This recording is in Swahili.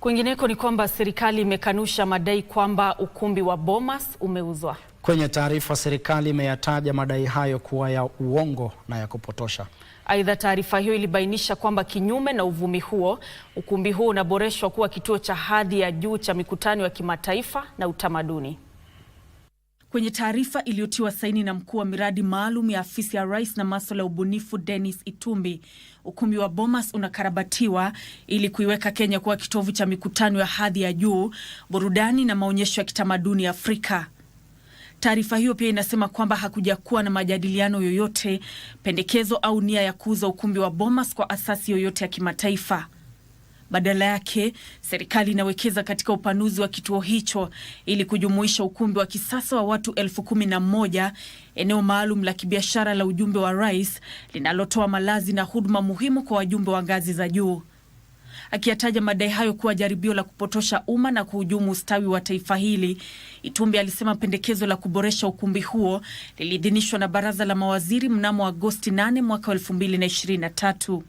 Kwingineko ni kwamba serikali imekanusha madai kwamba ukumbi wa Bomas umeuzwa. Kwenye taarifa, serikali imeyataja madai hayo kuwa ya uongo na ya kupotosha. Aidha, taarifa hiyo ilibainisha kwamba kinyume na uvumi huo, ukumbi huo unaboreshwa kuwa kituo cha hadhi ya juu cha mikutano ya kimataifa na utamaduni. Kwenye taarifa iliyotiwa saini na mkuu wa miradi maalum ya afisi ya rais na maswala ya ubunifu Dennis Itumbi, ukumbi wa Bomas unakarabatiwa ili kuiweka Kenya kuwa kitovu cha mikutano ya hadhi ya juu, burudani na maonyesho ya kitamaduni ya Afrika. Taarifa hiyo pia inasema kwamba hakujakuwa na majadiliano yoyote, pendekezo au nia ya kuuza ukumbi wa Bomas kwa asasi yoyote ya kimataifa. Badala yake serikali inawekeza katika upanuzi wa kituo hicho ili kujumuisha ukumbi wa kisasa wa watu elfu kumi na moja, eneo maalum la kibiashara la ujumbe wa rais linalotoa malazi na huduma muhimu kwa wajumbe wa ngazi za juu. Akiyataja madai hayo kuwa jaribio la kupotosha umma na kuhujumu ustawi wa taifa hili, Itumbi alisema pendekezo la kuboresha ukumbi huo liliidhinishwa na baraza la mawaziri mnamo Agosti 8 mwaka 2023.